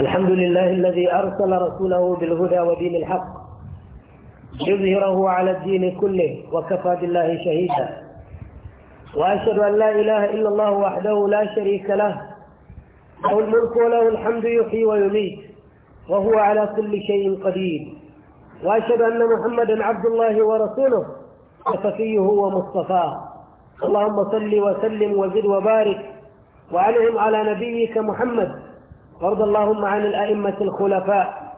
الحمد لله الذي أرسل رسوله بالهدى ودين الحق يظهره على الدين كله وكفى بالله شهيدا وأشهد أن لا إله إلا الله وحده لا شريك له له الملك وله الحمد يحيي ويميت وهو على كل شيء قدير وأشهد أن محمدا عبد الله ورسوله وصفيه ومصطفاه اللهم صل وسلم وزد وبارك وعنهم على نبيك محمد وارض اللهم عن الأئمة الخلفاء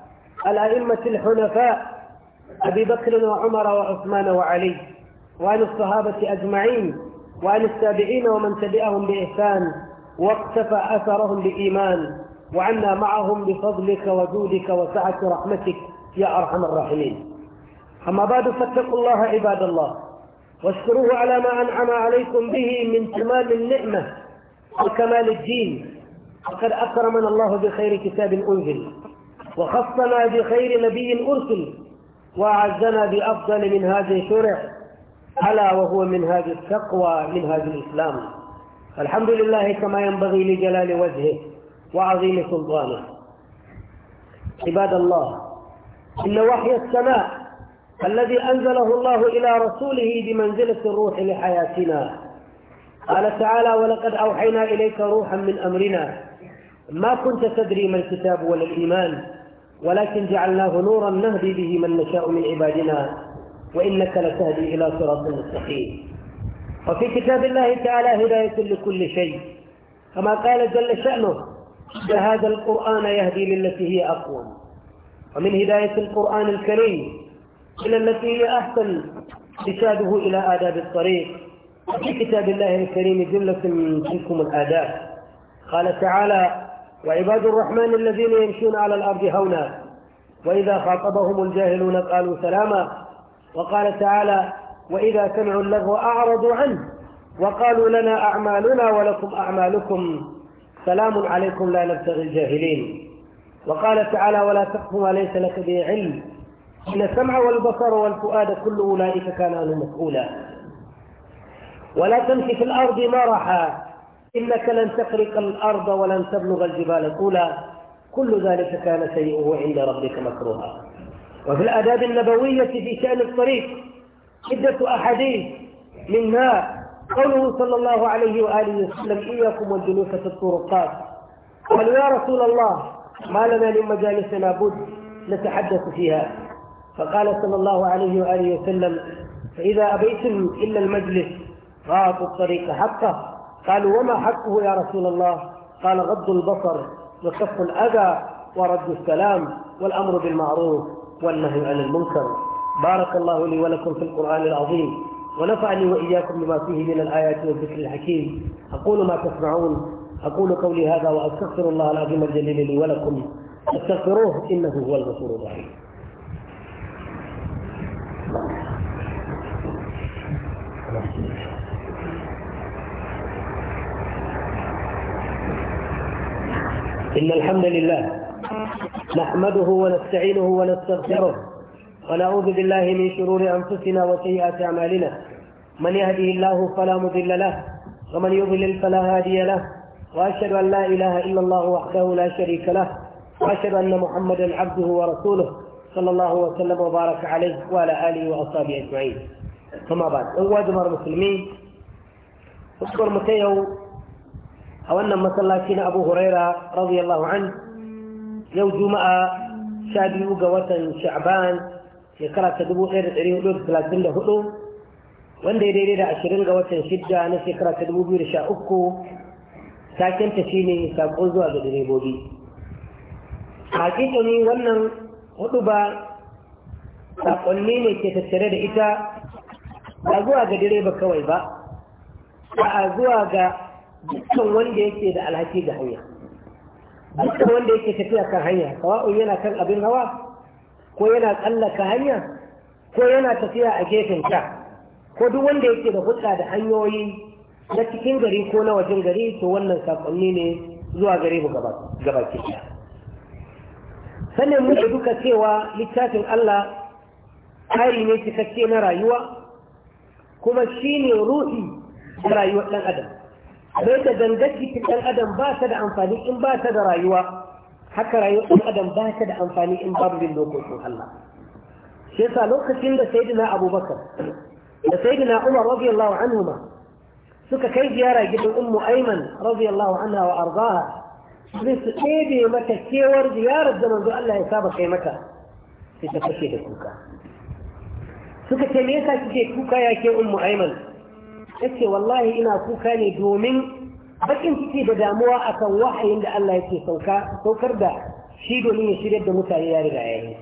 الأئمة الحنفاء أبي بكر وعمر وعثمان وعلي وعن الصحابة أجمعين وعن التابعين ومن تبعهم بإحسان واقتفى أثرهم بإيمان وعنا معهم بفضلك وجودك وسعة رحمتك يا أرحم الراحمين أما بعد فاتقوا الله عباد الله واشكروه على ما أنعم عليكم به من كمال النعمة وكمال الدين فقد أكرمنا الله بخير كتاب أنزل وخصنا بخير نبي أرسل وأعزنا بأفضل من هذه شرع ألا وهو من هذه التقوى من هذا الإسلام الحمد لله كما ينبغي لجلال وجهه وعظيم سلطانه عباد الله إن وحي السماء الذي أنزله الله إلى رسوله بمنزلة الروح لحياتنا قال تعالى ولقد أوحينا إليك روحا من أمرنا ما كنت تدري ما الكتاب ولا الإيمان ولكن جعلناه نورا نهدي به من نشاء من عبادنا وإنك لتهدي إلى صراط مستقيم وفي كتاب الله تعالى هداية لكل شيء كما قال جل شأنه فهذا القرآن يهدي للتي هي أقوم ومن هداية القرآن الكريم إلى التي هي أحسن كتابه إلى آداب الطريق في كتاب الله الكريم جملة من تلكم الآداب قال تعالى وعباد الرحمن الذين يمشون على الأرض هونا وإذا خاطبهم الجاهلون قالوا سلاما وقال تعالى وإذا سمعوا اللغو أعرضوا عنه وقالوا لنا أعمالنا ولكم أعمالكم سلام عليكم لا نبتغي الجاهلين وقال تعالى ولا تقف ما ليس لك به علم إن السمع والبصر والفؤاد كل أولئك كان عنه مسؤولا ولا تمشي في الأرض مرحا إنك لن تخرق الأرض ولن تبلغ الجبال الأولى كل ذلك كان سيئه عند ربك مكروها وفي الآداب النبوية في شأن الطريق عدة أحاديث منها قوله صلى الله عليه وآله وسلم إياكم والجلوس في الطرقات قالوا يا رسول الله ما لنا من مجالسنا بد نتحدث فيها فقال صلى الله عليه وآله وسلم فإذا أبيتم إلا المجلس فأعطوا الطريق حقه قالوا وما حقه يا رسول الله قال غض البصر وكف الأذى ورد السلام والأمر بالمعروف والنهي عن المنكر بارك الله لي ولكم في القرآن العظيم ونفعني وإياكم بما فيه من الآيات والذكر الحكيم أقول ما تسمعون أقول قولي هذا وأستغفر الله العظيم الجليل لي ولكم استغفروه إنه هو الغفور الرحيم إن الحمد لله نحمده ونستعينه ونستغفره ونعوذ بالله من شرور أنفسنا وسيئات أعمالنا من يهده الله فلا مضل له ومن يضلل فلا هادي له وأشهد أن لا إله إلا الله وحده لا شريك له وأشهد أن محمدا عبده ورسوله صلى الله وسلم وبارك عليه وعلى آله وأصحابه أجمعين ثم بعد أواد المسلمين أذكر متيو a wannan masallaci na abu huraira radiyallahu an yau juma'a sha biyu ga watan sha'ban shekara ta dubu ɗaya da ɗari hudu da talatin da hudu wanda ya daidai da ashirin ga watan shidda na shekara ta dubu biyu da sha uku takenta shi ne saƙo zuwa ga direbobi hakikani wannan hudu ba saƙonni ne ke tattare da ita ba zuwa ga direba kawai ba ba a zuwa ga dukkan wanda yake da alhaki ga hanya dukkan wanda yake tafiya kan hanya sawa'un yana kan abin hawa ko yana tsallaka hanya ko yana tafiya a gefen ta ko duk wanda yake da hulɗa da hanyoyi na cikin gari ko na wajen gari to wannan sakonni ne zuwa gare mu gabaki ɗaya sannan da duka cewa littafin Allah tsari ne cikakke na rayuwa kuma shi ne ruhi na rayuwar ɗan adam don da gangar jikin ɗan adam ba ta da amfani in ba ta da rayuwa haka rayuwar ɗan adam ba ta da amfani in babu bin dokokin Allah shi yasa lokacin da sayyidina Abubakar da sayyidina Umar radiyallahu anhuma suka kai ziyara gidan ummu Ayman radiyallahu anha wa ardaha sai su ɗebe mata kewar ziyarar da manzo Allah ya saba kai mata sai ta fashe da kuka suka ce me yasa kike kuka ya ke ummu Ayman yace wallahi ina kuka ne domin bakin ciki da damuwa akan wahayin da Allah yake sauka saukar da shi domin ya shirya da mutane ya riga yayi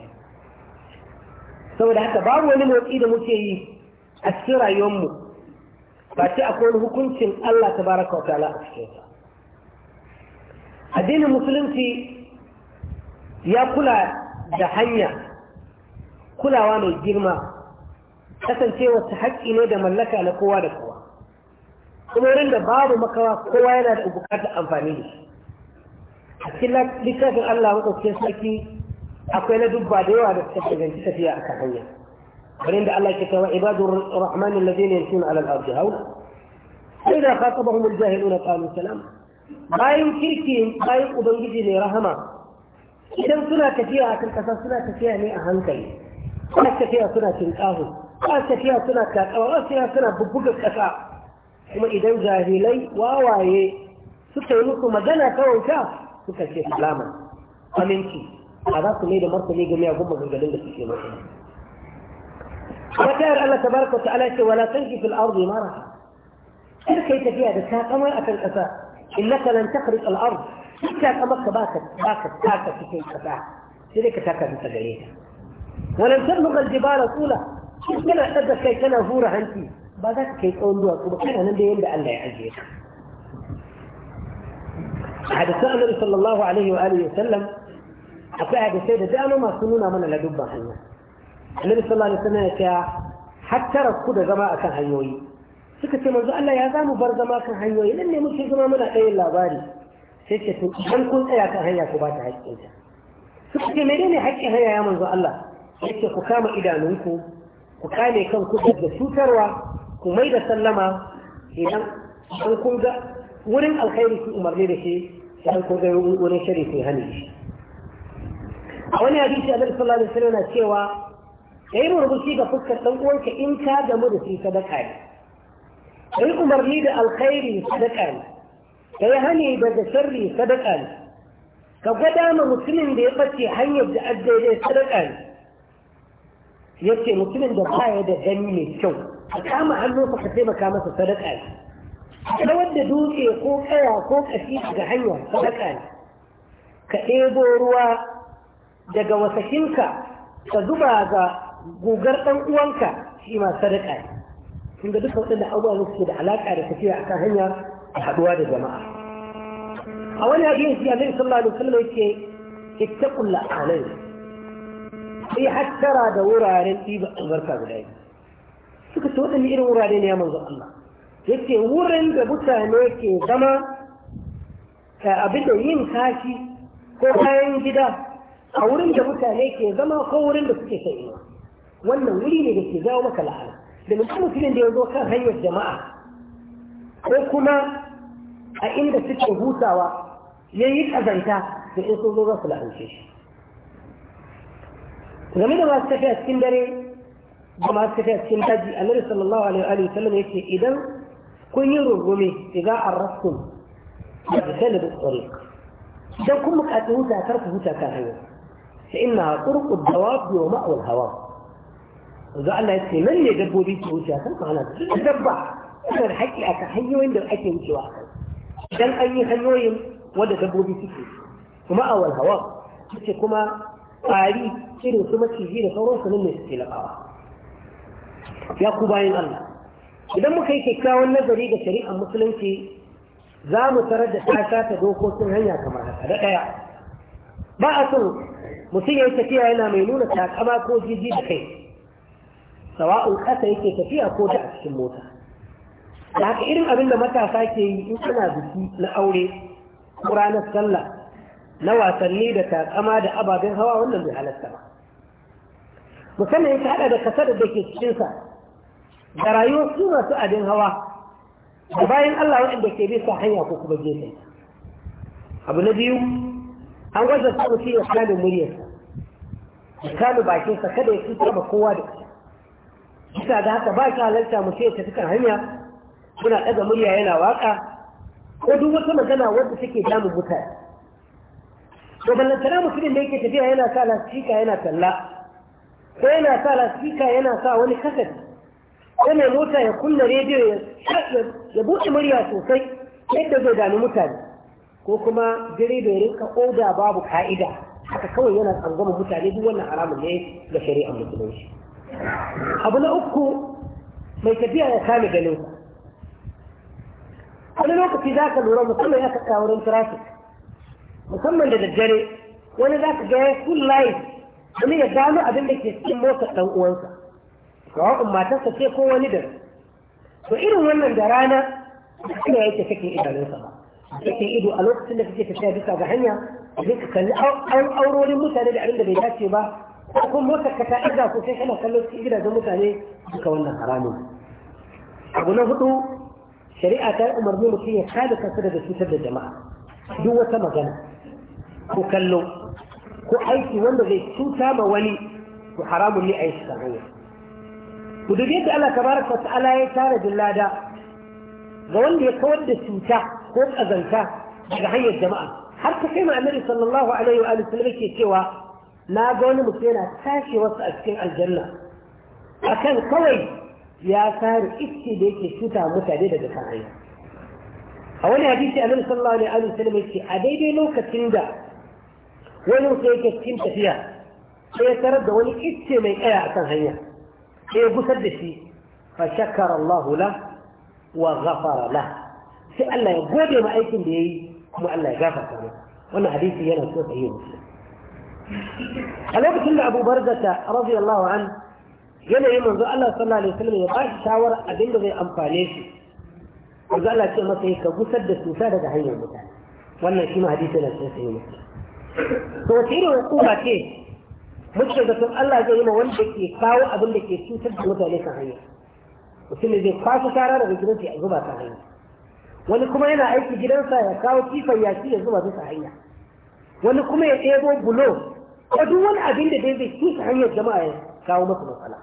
saboda haka babu wani motsi da muke yi a cikin rayuwarmu ba ce akwai wani hukuncin Allah tabaraka wa ta'ala a cikin sa addinin musulunci ya kula da hanya kulawa mai girma kasancewa ta haƙƙi ne da mallaka na kowa da kowa kuma wurin da babu makawa kowa yana da bukatar amfani da shi a cikin littafin Allah ya maɗaukakin sarki akwai na dubba da yawa da suka shaganci tafiya a kan hanya wurin da Allah ke kama ibadun rahmanin lazina yantuna alal ardi haula فإذا خاطبهم الجاهلون قالوا سلام bayan kirki bayan ubangiji ne rahama idan suna tafiya a karkasa suna tafiya ne a hankali ba tafiya suna tinkahu ba tafiya suna takawa ba tafiya suna bubbuga kasa kuma idan jahilai wawaye suka yi muku magana kawai ka suka ce salama aminci a za su mai da martani game a gumma gangalin da suke musu wata yar Allah tabaraka ta'ala ce wala tanki fil ardi mara kar kai tafiya da ta kamar akan kasa innaka lan takhriq al ard kika kamar ka baka baka taka cikin kasa sai dai ka taka bisa gare ta walan tablugha al jibala tula kana dadda kai kana hura hanci ba za ka kai tsawon duwatsu ba kana nan da yadda Allah ya ajiye ka a hadisan annabi sallallahu alaihi wa alihi wasallam akwai hadisai da dama masu nuna mana ladubban hanya annabi sallallahu alaihi wasallam ya ce hattara ku da zama akan hanyoyi suka ce manzo Allah ya zamu bar zama kan hanyoyi nan ne muke zama muna ɗayan labari sai ce to idan kun tsaya kan hanya ku ba ta haƙƙinta suka ce menene haƙƙin hanya ya manzo Allah yake ku kama idanunku ku kame kanku da cutarwa ku mai da sallama idan an kun ga wurin alkhairi ku umarni da shi idan kun ga wurin shari ku hani shi a wani hadisi annabi sallallahu alaihi wasallam na cewa kai rubuci ga fuskar ɗan uwanka in ka gamu da shi sadaka ne yi umarni da alkhairi sadaka ne kai hani daga sharri sadaka ne ka gwada ma mutumin da ya ɓace hanyar da ajiyar sadaka ne yace mutumin da baya da gani mai kyau a kama hannunsa ka taimaka masa sadaka ne kawar da dutse ko kaya ko kashi daga hanya sadaka ne ka ɗebo ruwa daga wasakinka ka zuba ga gugar ɗan uwanka shi ma sadaka ne kun ga duka waɗanda abubuwa ne suke da alaƙa da tafiya akan hanya a haɗuwa da jama'a a wani hadisi annabi sallallahu alaihi wasallam yake ittaqul la'anai sai hattara da wuraren ɗiba albarka guda biyu suka ce waɗanne irin wurare ne ya manzo Allah yake wurin da mutane ke zama ka abin da yin kashi ko kayan gida a wurin da mutane ke zama ko wurin da suke kai wannan wuri ne da ke jawo maka la'ana da mutum mutumin da ya zo kan hanyar jama'a ko kuma a inda suke hutawa ya yi kazanta da in sun zo za su la'ance shi game da masu tafiya cikin dare kuma suka kai cikin daji annabi sallallahu alaihi wa sallam yake idan kun yi rungume idza arrastum ya tsale da tsare idan kun buƙaci huta kar ku huta kan hanya sai inna turqu dawab wa ma'ul hawa za Allah ya ce nan ne dabbobi su huta kan ku hana su dabba suna da haƙƙi akan hanyoyin da ake wucewa idan an yi hanyoyin wanda dabbobi suke kuma awal hawa ce kuma ƙwari irin su maciji da sauransu nan ne suke lafawa ya ku bayan Allah idan muka yi kyakkyawan nazari da shari'ar musulunci za mu tarar da ta ta dokokin hanya kamar haka da ɗaya ba a so mutum ya yi tafiya yana mai nuna takama ko jiji da kai sawa'un ƙasa yake tafiya ko da a cikin mota da haka irin abin da matasa ke yi in ana biki na aure ko ranar sallah na wasanni da takama da ababen hawa wannan bai halatta ba musamman ya haɗa da kasar da ke cikinsa da rayuwar su masu abin hawa da bayan Allah waɗanda ke bisa hanya ko kuma gefe abu na biyu an gwada su mutum ya kame muryarsa ya bakin bakinsa kada ya cutar taba kowa da Kisa da haka ba shi halarta mutum ya tafi kan hanya kuna ɗaga murya yana waka. ko duk wata magana wadda take damun mutane to ballantana mutumin da yake tafiya yana sa lasika yana talla ko yana sa lasika yana sa wani kasafi. yana mota ya kunna rediyo ya buɗe murya sosai yadda zai dami mutane ko kuma direba ya rinka oda babu ka'ida haka kawai yana tsangwama mutane duk wannan haramun ne ga shari'ar musulunci abu na uku mai tafiya ya kame ganin ku wani lokaci za ka lura musamman ya kaka wurin trafik musamman da daddare wani za ka ga ya full life wani ya gano abin da ke cikin motar ɗan uwansa sawa'un matarsa ce ko wani da to irin wannan da rana ina yake kake idanunsa ba kake ido a lokacin da kake tafiya bisa ga hanya zai ka kalli aurorin mutane da abin da bai dace ba ko kuma ka ta ɗaga ko sai kana kallon cikin gidajen mutane duka wannan haramun abu na hudu shari'a ta umarni mutum ya kada kansa daga cutar da jama'a duk wata magana ko kallo ko aiki wanda zai cuta ma wani to haramun ne a yi shi ku dubi yadda Allah tabaraka wa ta'ala ya tara lada ga wanda ya kawar da cuta ko kazanta daga hanyar jama'a har ta kai annabi sallallahu alaihi wa sallam yake cewa na ga wani mutum yana tashi wasu a cikin aljanna akan kawai ya kare iske da yake cuta mutane daga kan hanya a wani hadisi annabi sallallahu alaihi wa sallam yake a daidai lokacin da wani mutum yake cikin tafiya sai ya tarar da wani iske mai tsaya akan hanya sai gusar da shi fa shakara Allahu la wa ghafara la sai Allah ya gode ma aikin da yayi kuma Allah ya gafarta masa wannan hadisi yana so sai musu a lokacin da Abu Barzata radiyallahu an yanayin manzo Allah sallallahu alaihi wasallam ya bashi shawara abin da zai amfane shi manzo Allah ce masa ka gusar da cuta daga hanyar mutane wannan shi ma hadisi yana so sai musu to sai ne hukuma ce muke da Allah zai yi ma wanda ke kawo abin da ke cutar da mutane kan hanya zai kwaso shara daga gidansa ya zuba kan hanya wani kuma yana aiki gidansa ya kawo kifan yaki ya zuba bisa hanya wani kuma ya ɗebo bulo ko duk wani abin da dai zai cuta hanyar jama'a ya kawo masa matsala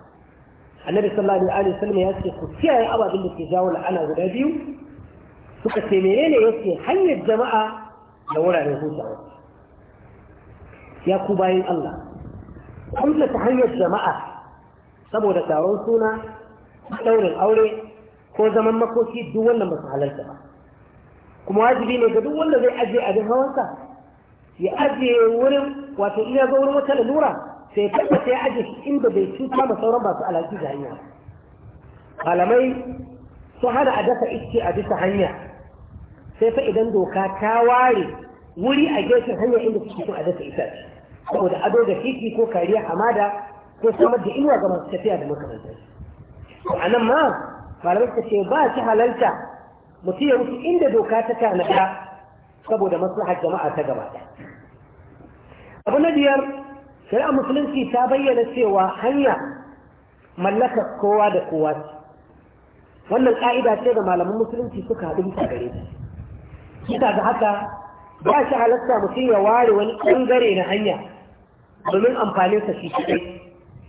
annabi sallallahu alaihi wasallam ya ce ku kiyaye ababen da ke jawo la'ana guda biyu suka ce menene yake hanyar jama'a da wuraren hutawa ya ku bayan Allah kulla ta hanyar jama'a saboda taron suna ɗaurin aure ko zaman makoki duk wannan ba su halarta ba kuma wajibi ne ga duk wanda zai ajiye abin hawansa ya ajiye wurin wato iya ga wurin wata lalura sai tabbata ya ajiye inda bai cuta ma sauran ba su alaki da hanya malamai su hana a dasa iske a bisa hanya sai fa idan doka ta ware wuri a gefen hanya inda suke so a dasa itace saboda ado da titi ko kariya hamada ko samar da inuwa ga masu tafiya da makarantar a nan ma malamai ta ce ba shi halalta mutum ya wuce inda doka ta tanada saboda maslahar jama'a ta gaba abu na biyar shari'a musulunci ta bayyana cewa hanya mallakar kowa da kowa ce wannan ka'ida ce da malaman musulunci suka haɗu bisa gare ta bisa ga haka ba shi halatta mutum ya ware wani ɓangare na hanya domin amfanin sa shi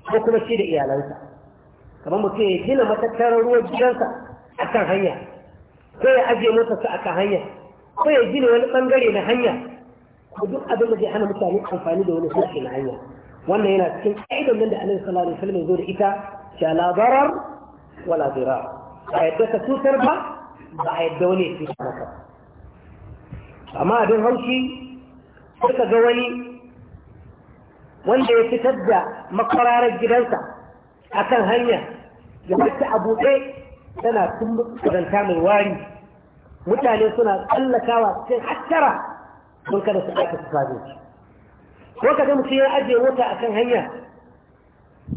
ko kuma shi da iyalansa kamar mutum ya gina matattarar ruwan gidansa a kan hanya ko ya ajiye su a kan hanya ko ya gina wani bangare na hanya ko duk abin da zai hana mutane amfani da wani sashi na hanya wannan yana cikin ƙa'idar nan da annabi sallallahu alaihi wasallam ya zo da ita sha la darar wala dirar ba yadda ka cutar ba ba a yadda wani ya cutar maka amma abin haushi ka ga wani wanda ya fitar da makwararar gidansa a kan hanya ya bata a buɗe tana sun kazanta mai wari mutane suna tsallakawa cikin hattara don kada su aika su fazo ko ka ga mutum ya ajiye mota a kan hanya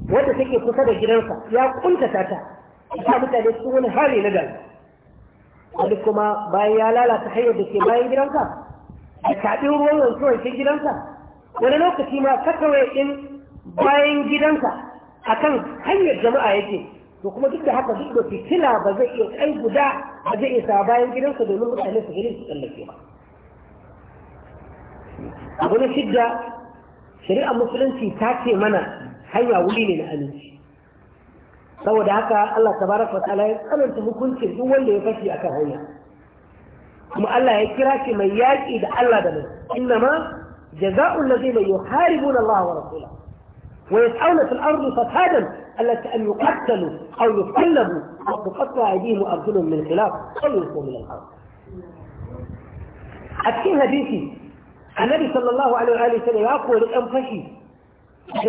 wadda take kusa da gidansa ya kuntata ta ta mutane sun wani hari na gari wani kuma bayan ya lalata hanyar da ke bayan gidansa ya kaɗin ruwan wanke-wanke gidansa wani lokaci ma kakawai in bayan a akan hanyar jama'a yake to kuma duk da haka duk da fitila ba zai iya kai guda ba zai bayan gidansa domin mutane su gani su tsallake ba abu na shidda shari'ar musulunci ta ce mana hanya wuri ne na aminci saboda haka Allah tabaraka wa ta'ala ya tsananta hukuncin duk wanda ya fashi akan hanya kuma Allah ya kira shi mai yaƙi da Allah da mai inna جزاء الذين يحاربون الله ورسوله ويسعون في الأرض فسادا التي أن يقتلوا أو يصلبوا أو تقطع أيديهم وأرجلهم من خلاف أو يلقوا من الأرض أكين حديثي النبي صلى الله عليه وآله وسلم يقول الأم فشي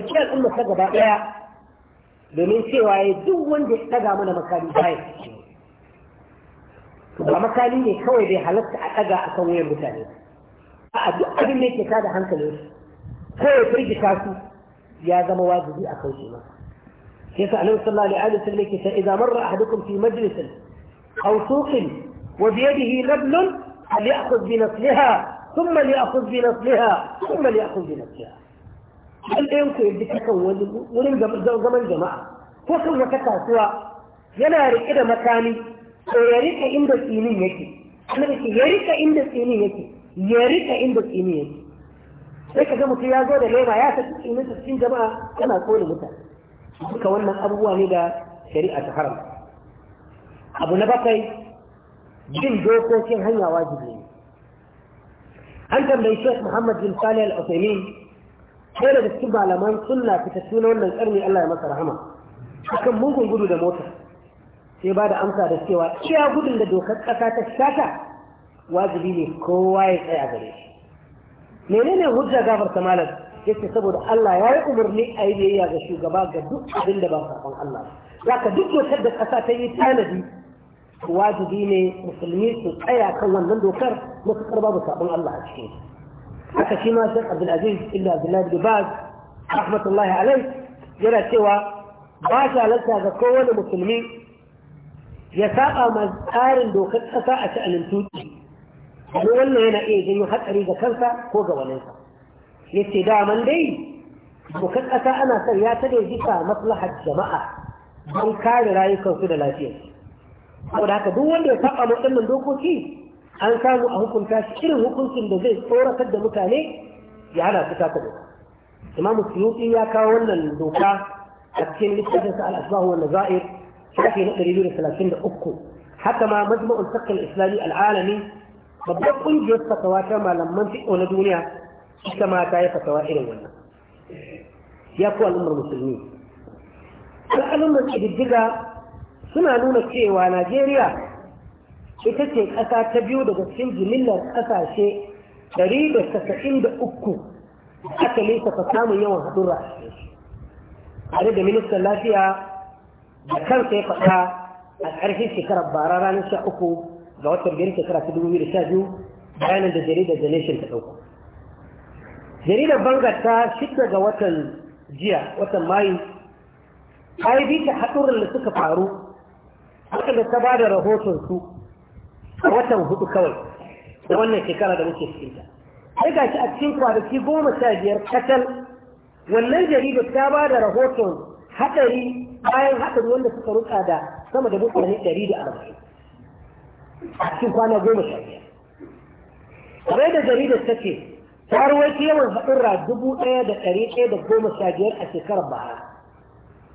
تكتير الأمة تجب لا domin سوى ya duk wanda ya ɗaga mana makami baya ba makami ne kawai bai A'a duk abin da yake ta da hankalin su ko ya kai jika ya zama wajibi a kauce ma sai sa alaihi sallallahu alaihi wasallam yake sai idan marra ahadukum fi majlisin aw suqin wa bi yadihi rablun al ya'khudh bi nasliha thumma li ya'khudh bi nasliha thumma li ya'khudh bi nasliha al ayyun ku yadika wurin zaman jama'a ko kan wata kasuwa yana rike da makami ko ya rike inda tsinin yake annabi ya rike inda tsinin yake ya rika inda tsini sai ka ga mutum ya zo da leba ya saki tsininsa cikin jama'a yana kone mutane duka wannan abubuwa ne da shari'a ta haram abu na bakwai bin dokokin hanya wajibi ne an tambayi shek muhammad bin salih al-usaimin sai da cikin malaman sunna fitattu na wannan karni allah ya masa rahama akan mugun gudu da mota sai ba da amsa da cewa iya gudun da dokar kasa ta shata wajibi ne kowa ya tsaya gare shi menene hujja gafar ta malam yace saboda Allah ya yi umarni a yi biyayya ga shugaba ga duk abin da ba sakon Allah ya duk dokar da kasa ta yi tanadi wajibi ne musulmi su tsaya kan wannan dokar matuƙar babu sakon Allah a cikin haka shi ma sai Abdulaziz ibn Abdullah bin Baz rahmatullahi alaihi yana cewa ba ta ga kowane musulmi ya saba ma tsarin dokar ƙasa a sha'anin tuki domin wannan yana iya janyo hatsari ga kansa ko ga waninsa ya ce daman dai bukan ƙasa ana son ya ta jika maslahar jama'a don kare rayukansu da lafiya saboda haka duk wanda ya saba waɗannan dokoki an samu a hukunta shi irin hukuncin da zai tsoratar da mutane ya hana su taka doka imamu suyuti ya kawo wannan doka a cikin littafinsa al-asbahu wa nazair shafi na 233 haka ma majma'ul fiqh al-islami al-alami babbar ƙungiyar fatawa ta malaman fiƙo na duniya ita ma ta yi fatawa irin wannan ya ku al'ummar musulmi al'ummar ƙididdiga suna nuna cewa najeriya ita ce ƙasa ta biyu daga cikin jimillar ƙasashe 193 aka ta samun yawan haɗura a cikin tare da ministan lafiya da kansa ya faɗa a ƙarshen shekarar bara ranar sha ga watan biyar shekara ta dubu biyu da sha biyu bayanin da jaridar da nation ta ɗauka jaridar Bangar ta shidda ga watan jiya watan mayu ta yi bita haɗuran da suka faru haka da ta ba da rahoton su a watan hudu kawai da wannan shekara da muke cikinta sai ga shi a cikin kwanaki goma sha biyar kacal wannan jaridar ta ba da rahoton haɗari bayan haɗari wanda suka rutsa da sama da mutane ɗari da arba'in a cikin kwana goma sha biyar kamar da jaridar ta ce ta ruwaito yawan ra dubu ɗaya da ɗari ɗaya da goma sha biyar a shekarar bara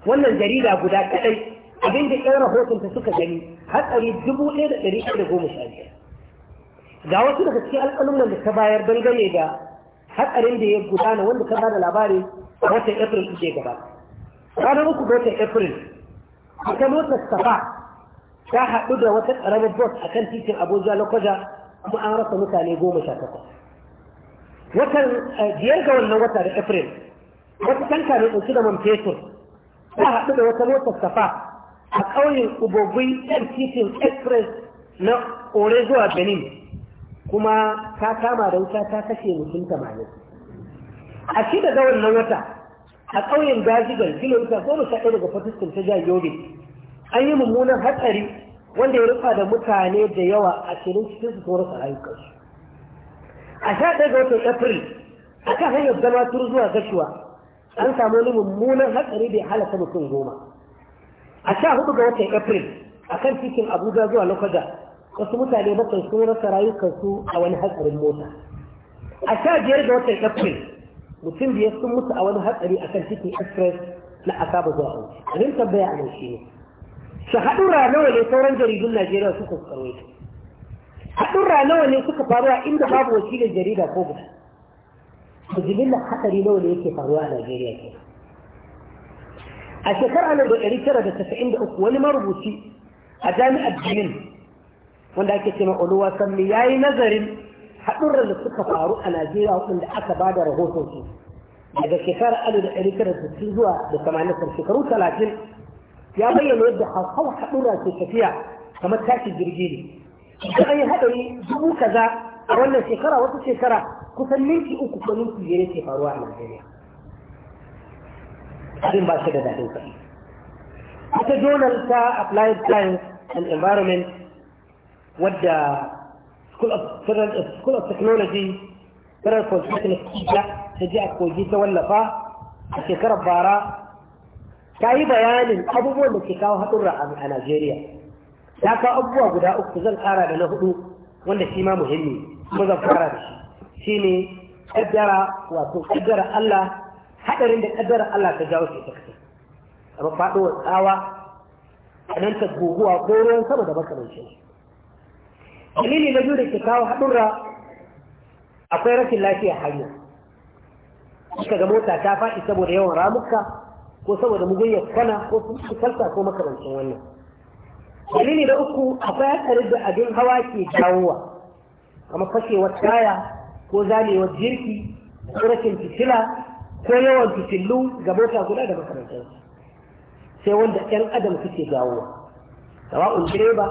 wannan jarida guda kaɗai abin da rahoton rahotonta suka gani hatsari dubu ɗaya da ɗari ɗaya da goma sha biyar ga wasu daga cikin alƙaluman da ta bayar dangane da hatsarin da ya gudana wanda ta bada labari a watan april ɗin gaba ranar uku ga watan april a kan wata safa ta haɗu da wata ƙaramar bot a kan titin abuja lokaja kuma an rasa mutane goma sha takwas watan eh, biyar ga wannan wata da april wata tanka mai ɗauki da man fetur ta haɗu da wata motar safa a ƙauyen ubogui yan titin express na ore zuwa benin kuma ta kama da wuta ta kashe mutum tamanin a shida ga wannan wata a ƙauyen gajigar kilomita goma sha ɗaya daga fatiskin ta jihar yobe an yi mummunan hatsari wanda ya rufa da mutane da yawa a cikin cikin su tsoron rayukansu a sha ɗaya ga watan april a kan hanyar zama tur zuwa gashuwa an samu wani mummunan hatsari da ya halaka mutum goma a sha hudu ga watan april a kan titin abuja zuwa lokaja wasu mutane bakwai sun rasa rayukansu a wani hatsarin mota a sha biyar ga watan april mutum biyar sun mutu a wani hatsari a kan titin express na asaba zuwa auki abin tambaya a nan shi ne shahadura nawa ne sauran jaridun Najeriya suka karwaito haɗurra nawa ne suka faru a inda babu wakilin jarida ko guda musulmin hatsari nawa ne yake faruwa a Najeriya ke a shekarar da ɗari tara da tasa'in da uku wani marubuci a jami'ar Benin wanda ake cewa Oluwa Sanni ya yi nazarin hadurar da suka faru a Najeriya waɗanda aka ba da rahoton su daga shekarar alif da ɗari tara da zuwa da tamanin shekaru talatin ya bayyana yadda hauhawar haɗura ke tafiya kamar tashin jirgi ne idan an yi haɗari dubu kaza a wannan shekara wata shekara kusan minti uku ko minti biyar ke faruwa a Najeriya abin ba shi da daɗin sa ita journal ta applied science and environment wadda school of, school of technology federal consulting ta je a kogi ta wallafa a shekarar bara ta yi bayanin abubuwan da ke kawo haɗurra a Najeriya. Ta kawo abubuwa guda uku zan ƙara da na hudu wanda shi ma muhimmi kuma zan fara da shi. Shi ne ƙaddara wato ƙaddara Allah haɗarin da ƙaddara Allah ta jawo shi ta Kamar faɗuwar tsawa, a nan ta guguwa ko ruwan sama da makamancin. Dalili na biyu da ke kawo haɗurra akwai rashin lafiya hanya. Suka ga mota ta faɗi saboda yawan ramuka, ko saboda mu mugunyar kana ko sun kalta ko makamancin wannan dalili da uku akwai hatsarin da abin hawa ke jawowa kamar fashewar taya ko zamewar jirki ko rashin fitila ko yawan fitilu, ga mota guda da makarantar sai wanda 'yan adam suke jawowa sawa'un direba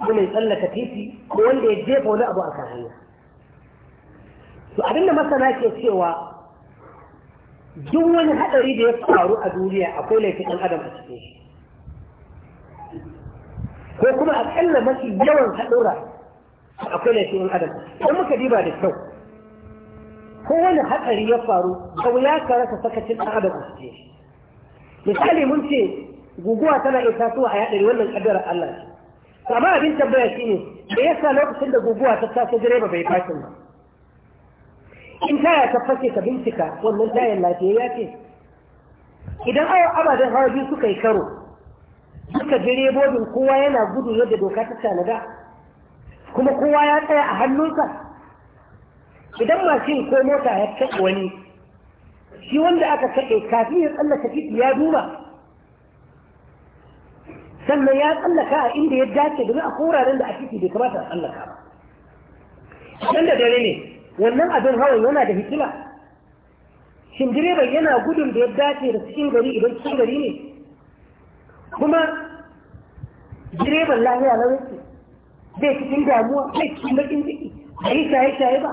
ko mai tsallaka titi ko wanda ya jefa wani abu a kan hanya to abinda masana ke cewa duk wani haɗari da ya faru a duniya akwai laifin ɗan adam a cikin shi ko kuma aƙalla mafi yawan haɗura akwai laifin ɗan adam ko muka diba da kyau ko wani haɗari ya faru da wuya ka sakacin ɗan adam a cikin shi misali mun ce guguwa tana iya tasowa a yaɗari wannan ƙaddarar Allah ce amma abin tambaya shine da yasa lokacin da guguwa ta taso direba bai fashin ba in taya ya fashe ka bincika wannan tayan lafiya ya ce idan ababen abadin harbi suka yi karo duka direbobin kowa yana gudu yadda doka ta tanada kuma kowa ya tsaya a hannunsa idan mashin ko mota ya kaɗe wani shi wanda aka kaɗe kafin ya tsallaka titi ya duba sannan ya tsallaka a inda ya dace domin a koraren da a titi bai kamata a tsallaka ba dare ne wannan abin hawan yana da hikima shin direban yana gudun da ya dace da cikin gari idan cikin gari ne kuma direban lahiya na wuce zai cikin damuwa zai cikin bakin ciki a yi shaye-shaye ba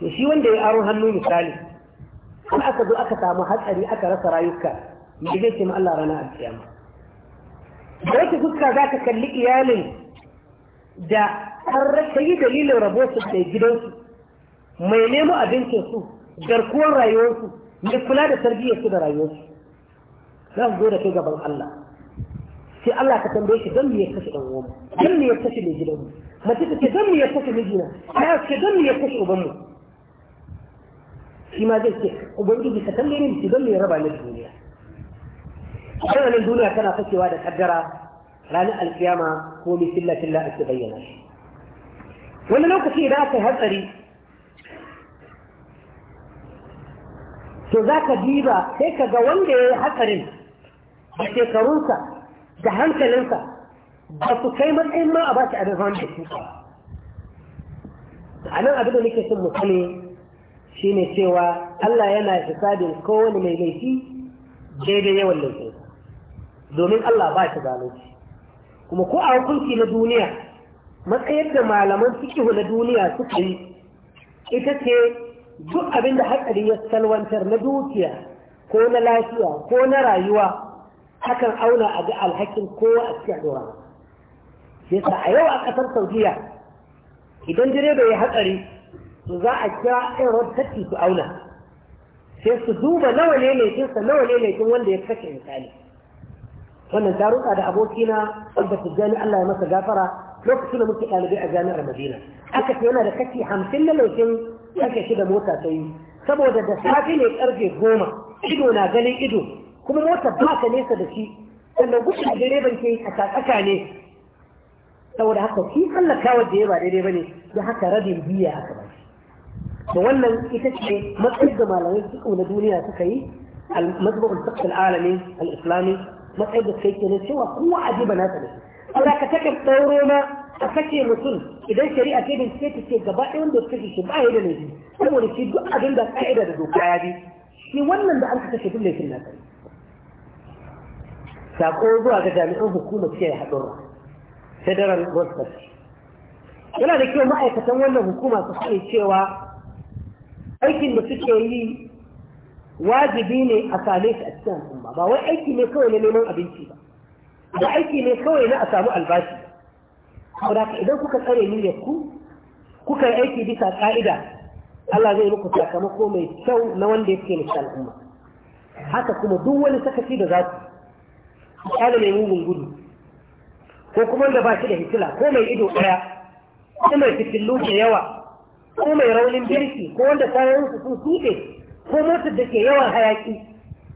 to shi wanda ya aro hannu misali kuma aka zo aka samu hatsari aka rasa rayuka mai zai ce ma Allah rana alkiyama da wata fuska za ka kalli iyalin da an yi dalilin rabo da gidansu mai nemo abincinsu garkuwar rayuwarsu mai kula da tarbiyyarsu da rayuwarsu za su zo da kai gaban Allah sai Allah ka tambaye shi don me ya kashe dan uwanmu don me ya kashe mai gidanmu mace ta ce don me ya kashe mijina aya ce don me ya kashe ubanmu shi ma zai ce ubangiji ka tambaye ni don me ya raba ni duniya kana nan duniya tana fakewa da kaddara ranar alkiyama ko misillatin la ake bayyana shi wani lokaci idan aka hatsari to za ka diba sai ka ga wanda ya yi hatsarin da shekarunsa da hankalinsa ba su kai matsayin ma a ba shi abin ruwan da su a nan abin da nake son mu sani shine cewa Allah yana hisabin kowane mai laifi daidai yawan laifinsa domin Allah ba shi zalunci kuma ko a hukunci na duniya matsayar da malaman suke na duniya suka yi ita ce duk abin da hatsari ya salwantar na dukiya ko na lafiya ko na rayuwa hakan auna a ga alhakin kowa a cikin dora yasa a yau a ƙasar saudiya idan direba ya hatsari to za a kira irin tafi su auna sai su duba nawa ne laifinsa nawa ne laifin wanda ya kashe misali wannan taruka da abokina wanda tijjani Allah ya masa gafara lokacin da muke ɗalibai a jami'ar Madina aka ce yana da kashi hamsin na laifin kashe shi da mota ta yi saboda da safi ne karfe goma ido na ganin ido kuma mota ba ka nesa da shi sannan gudun direban ke a tsaka ne saboda haka shi hallaka wadda ya ba daidai ba ne da haka rabin biya aka ba da wannan ita ce matsayin da malamai suka na duniya suka yi al-mazbu'ul fiqh al-alami al-islami matsayin da kai kenan cewa kowa a jiba nasa ne Allah ka takan ɗauro na a kashe mutum idan shari'a ce bincike ta ce gaba ɗaya wanda kashe shi ba ya da laifi saboda shi duk abin da ka'ida da doka ya bi shi wannan da an ka kashe duk laifin nasa ne sako zuwa ga jami'an hukumar ce ya haɗura federal workers yana da kyau ma'aikatan wannan hukuma su sani cewa aikin da suke yi wajibi ne a same shi a cikin al'umma ba wai aiki ne kawai na neman abinci ba ba aiki ne kawai na a samu albashi saboda idan kuka tsare da ku kuka yi aiki bisa ka'ida Allah zai muku sakamako mai kyau na wanda yake ne cikin al'umma haka kuma duk wani sakaci da za ku kada ne mugun gudu ko kuma da ba shi da hikila, ko mai ido ɗaya ko mai fitillu da yawa ko mai raunin birki ko wanda kayan su sun tuɗe ko motar da ke yawan hayaki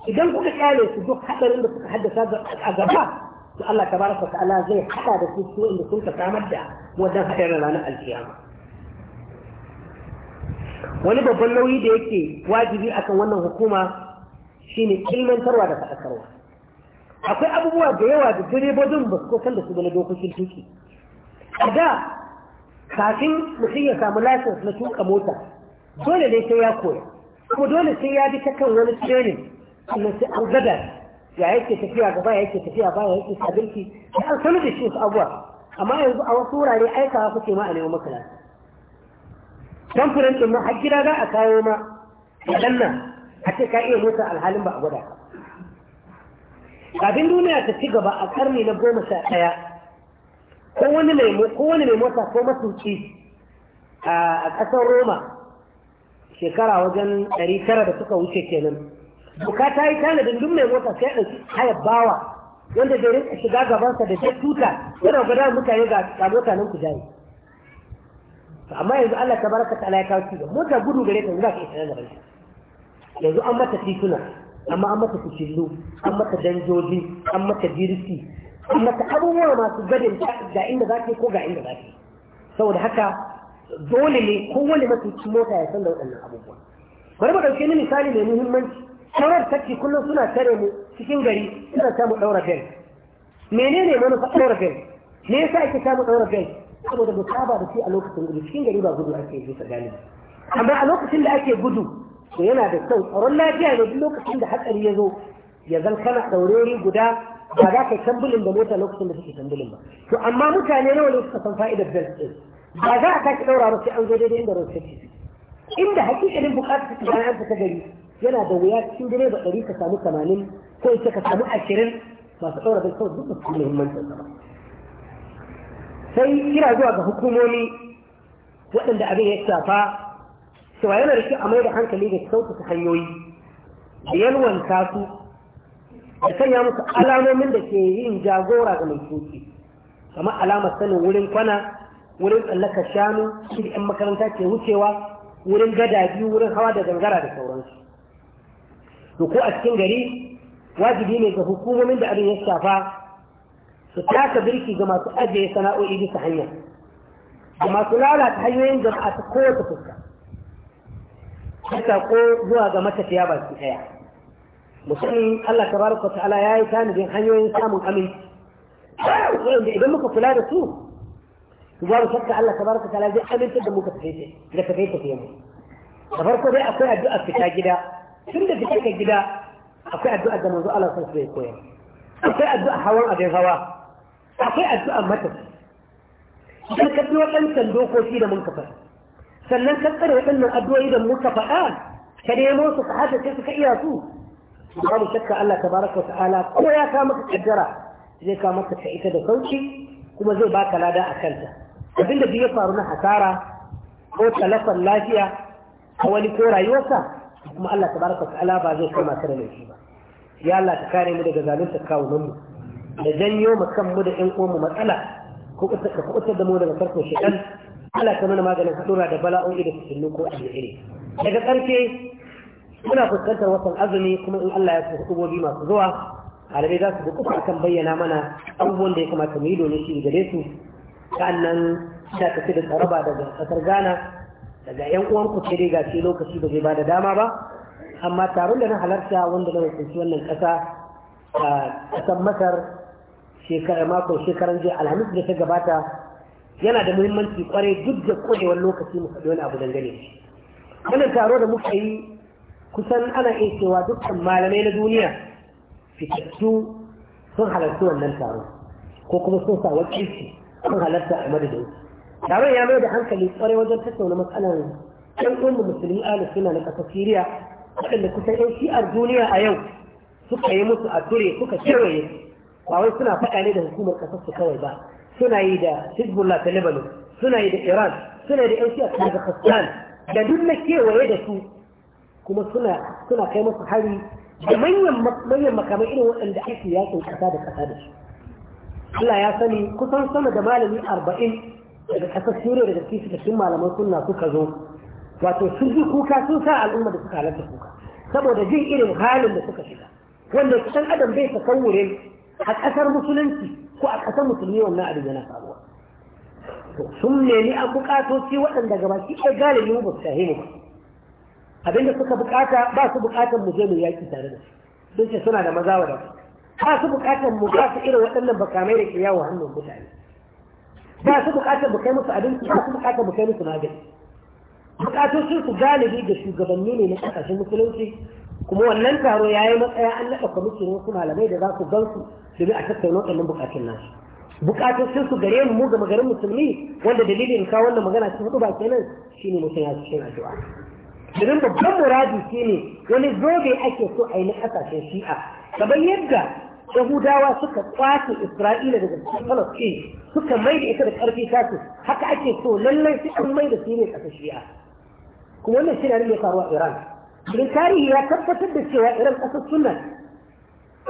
idan kuka kyale su duk hadarin da suka haddasa a gaba to Allah tabaraka ta'ala zai hada da su su inda sun samar da wannan hadarin ranar alkiyama wani babban nauyi da yake wajibi akan wannan hukuma shine ilmantarwa da faɗakarwa akwai abubuwa da yawa da direbobin ba su kusan da su da na dokokin tuki a da kafin mutum ya samu lasins na tuka mota dole ne sai ya koya Kuma dole sai ya bi ta kan wani training sannan sai an gada ya yake tafiya gaba ya yake tafiya ba ya yake sabirki sai an sanar da shi su abuwa amma yanzu a wasu wurare aikawa kuke ma a neman maka lafiya kamfanin ɗin har gida za a kawo ma a ɗan nan a ce ka iya motsa alhalin ba a gwada ka kafin duniya ta ci gaba a ƙarni na goma sha ɗaya ko wani mai mota ko matuki a ƙasar roma shekara wajen ɗari tara da suka wuce kenan buka ta yi tanadin duk mai mota sai ɗauki haya bawa wanda zai rinka shiga gabansa da jet tuta yana gudanar mutane ga mota nan ku jaye amma yanzu Allah ta baraka ta alaƙa su cigaba mota gudu gare ta za ka isa da ranka yanzu an mata tituna amma an mata kucillu an mata danjoji an mata jirgi an mata abubuwa masu gadin ga inda za ka yi ko ga inda za ka yi saboda haka dole ne kowane matuci mota ya san da waɗannan abubuwa bari mu ɗauke ni misali mai muhimmanci sauran taxi kullum suna tare mu cikin gari suna samu ɗaura bel menene manufa ɗaura bel me yasa ake samu ɗaura bel saboda mu saba da shi a lokacin gudu cikin gari ba gudu ake yi ta galibi amma a lokacin da ake gudu to yana da kyau tsaron lafiya ne duk lokacin da hatsari ya zo ya zan kana ɗaurori guda ba za ka tambulin da mota lokacin da suke tambulin ba to amma mutane nawa ne suka san fa'idar bel ɗin ba za a sake ɗaura ba sai an zo daidai inda rosa ce inda hakikalin bukatar su bayan an fita gari yana da wuya cikin dare ba ɗari ka samu tamanin ko ita ka samu ashirin masu ɗaura bai kawai duk su muhimmancin ba sai kira zuwa ga hukumomi waɗanda abin ya shafa cewa yana da shi a mai da hankali da kyautata hanyoyi da yalwanta su da sanya musu alamomin da ke yin jagora ga mai soke kamar alamar sanin wurin kwana wurin tsallaka shanu shi 'yan makaranta ke wucewa wurin gada biyu wurin hawa da gangara da sauransu to ko a cikin gari wajibi ne ga hukumomin da abin ya shafa su taka birki ga masu ajiye sana'o'i bisa hanya ga masu lalata hanyoyin jama'a ta kowace fuska ta ko zuwa ga matafiya ba su ɗaya musamman Allah baraka ta'ala ya yi tanadin hanyoyin samun aminci idan muka kula da su to babu shakka Allah tabaraka ta'ala zai aminta da mu ka tafi shi da ka kai tafiye mu da farko dai akwai addu'a fita gida tun da fita gida akwai addu'a da manzo Allah sun sai koyar akwai addu'a hawan abin hawa akwai addu'a matafi idan ka bi waɗancan dokoki da mun kafa sannan ka tsare waɗannan addu'o'i da muka faɗa ka nemo su ka hada sai suka iya su babu shakka Allah tabaraka wa ta'ala ko ya ka maka kaddara zai ka maka ta ita da sauki kuma zai baka lada a kanta abin da ya faru na hasara ko talafan lafiya a wani ko rayuwarsa kuma Allah ta ta ala ba zai kama ta rana shi ba ya Allah ta kare mu daga zalunta kawunanmu. mu da janyo mu kan mu da ƴan uwan mu matsala ko ka da mu daga farko shekan Allah ta mana maganin haɗura da bala'o'i da fitinu ko alheri daga ƙarshe muna fuskantar watan azumi kuma in Allah ya fi hukumomi masu zuwa ɗalibai za su akan bayyana mana abubuwan da ya kamata mu yi domin shi gare su nan ina tafi da tsaraba daga ƙasar ghana daga yan uwan ku ce ga shi lokaci ba zai ba da dama ba amma taron da na halarta wanda na hukunci wannan ƙasa a ƙasar masar shekara mako shekaran jiya alhamis da ta gabata yana da muhimmanci kwarai duk da kodewar lokaci mu faɗi wani abu dangane wannan taro da muka yi kusan ana iya cewa dukkan malamai na duniya fitattu sun halarci wannan taro ko kuma sun sa wakilci an halatta a madadin taron ya mai da hankali kwarai wajen tattauna matsalar yan uwan musulmi ala suna na ƙasar siriya waɗanda kusan yan shi'ar duniya a yau suka yi musu a ture suka kewaye ba wai suna faɗa ne da hukumar ƙasar su kawai ba suna yi da hezbollah ta lebanon suna yi da iran suna yi da yan shi'ar kazakhstan da duk na kewaye da su kuma suna kai musu hari da manyan makamai irin waɗanda ake yakin ƙasa da ƙasa da su Allah ya sani kusan sama da malami arba'in daga ƙasar Suriya daga cikin cikin malaman suna suka zo wato sun ji kuka sun sa al'umma da suka halatta kuka saboda jin irin halin da suka shiga wanda kusan adam bai tasawurin a ƙasar musulunci ko a ƙasar musulmi wannan abin yana faruwa sun nemi a buƙatoci waɗanda gaba ki ɗaya galibi ba su shahimu ba abinda suka buƙata ba su buƙatar mu je mu yaƙi tare da su sun ce suna da maza wa wadatu ba su bukatar mu ba su irin waɗannan bakamai da ke yawo hannun mutane ba su bukatar mu kai musu abinci ba su bukatar mu kai musu magani sun su galibi da shugabanni ne na ƙasashen musulunci kuma wannan taro ya yi matsaya an naɗa kwamitin wasu malamai da za su gan su bi a tattauna waɗannan bukatun nasu sun su gare mu ga magarin musulmi wanda dalilin kawo wannan magana ta haɗu ba kenan shine mutum ya cikin addu'a domin babban muradi shine wani zobe ake so a yi na ƙasashen shi'a kamar yadda yahudawa suka kwace isra'ila daga cikin falastin suka mai da ita da karfi tasu haka ake so lallai sai an mai da su ne ƙasar shi'a kuma wannan shi ne mai faruwa iran idan tarihi ya tabbatar da cewa iran ƙasar sunna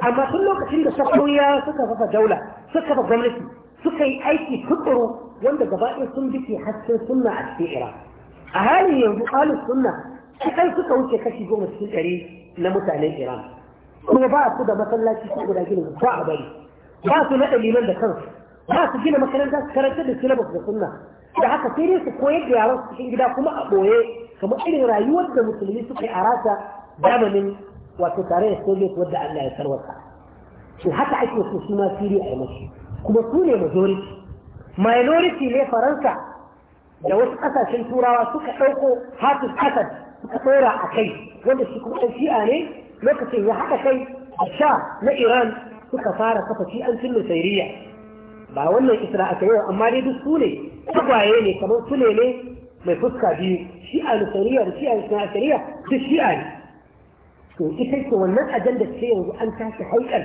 amma tun lokacin da safawiya suka kafa daula suka kafa gwamnati suka yi aiki tukuru wanda gaba ɗaya sun ke hasken sunna a cikin iran a halin yanzu alus sunna kai suka wuce kashi goma cikin ɗari na mutanen iran kuma ba su da masallaci su guda gina ba a bari ba su na liman da kansu ba su gina makaranta su karanta da silabus da sunna da haka sai dai su koyar da yaran cikin gida kuma a ɓoye kamar irin rayuwar da musulmi suka yi a rasa zamanin wato tare da soviet wadda allah ya sarwata shi haka ake so su ma siri a yi kuma su ne majority minority ne faransa da wasu ƙasashen turawa suka ɗauko hafiz asad suka ɗora a kai wanda shi kuma ɗan shi'a ne lokacin ya haɗa kai a sha na iran suka fara kafa shi an cin nusairiya ba wannan isra'a ta yau amma dai duk su ne tagwaye ne kamar su ne ne mai fuska biyu shi'a nusairiya da shi'a nusairiya duk shi'a ne to ita ce wannan ajanda ce yanzu an tashi haikar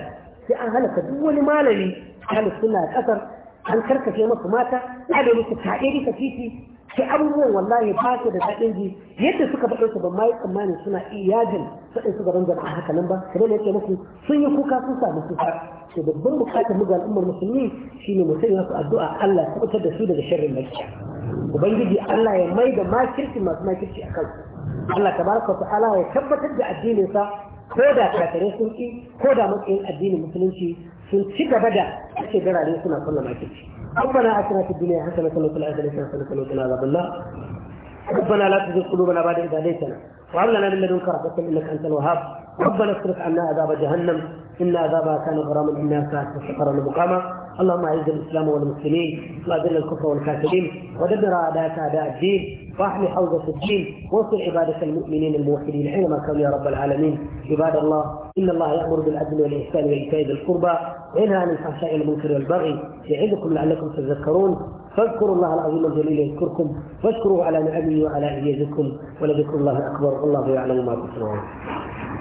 sai an halaka duk wani malami kan suna kasar an karkace masu mata adadin su taɗe ka titi sai abubuwan wallahi ba su da daɗin ji yadda suka faɗo su ban ma yi tsammani suna iyajin faɗin su gaban jama'a haka nan ba kamar yake muku sun yi kuka sun samu kuka to babban bukatar mu ga al'ummar musulmi shine mu sanya su addu'a Allah ya kubutar da su daga sharrin makiya ubangiji Allah ya mai da makirci masu makirci a kansu Allah tabaraka wa ta'ala ya tabbatar da addinin sa ko da kakare sun ki ko da matsayin addinin musulunci sun ci gaba da ake garare suna kullum makirci ربنا اتنا في الدنيا حسنه وفي الاخره حسنه وقنا عذاب النار ربنا لا تزغ قلوبنا بعد اذا هديتنا وهب لنا من لدنك رحمه انك انت الوهاب ربنا اصرف عنا عذاب جهنم ان عذابها كان غراما انها كانت مستقرا مقاما اللهم اعز الاسلام والمسلمين واذل الكفر والكافرين ودبر اعداءك اعداء الدين واحمي حوزه الدين وانصر عبادك المؤمنين الموحدين حينما كانوا يا رب العالمين عباد الله ان الله يامر بالعدل والاحسان وايتاء ذي القربى وينهى عن الفحشاء والمنكر والبغي يعظكم لعلكم تذكرون فاذكروا الله العظيم الجليل يذكركم واشكروه على نعمه وعلى إيجادكم ولذكر الله أكبر والله يعلم ما تصنعون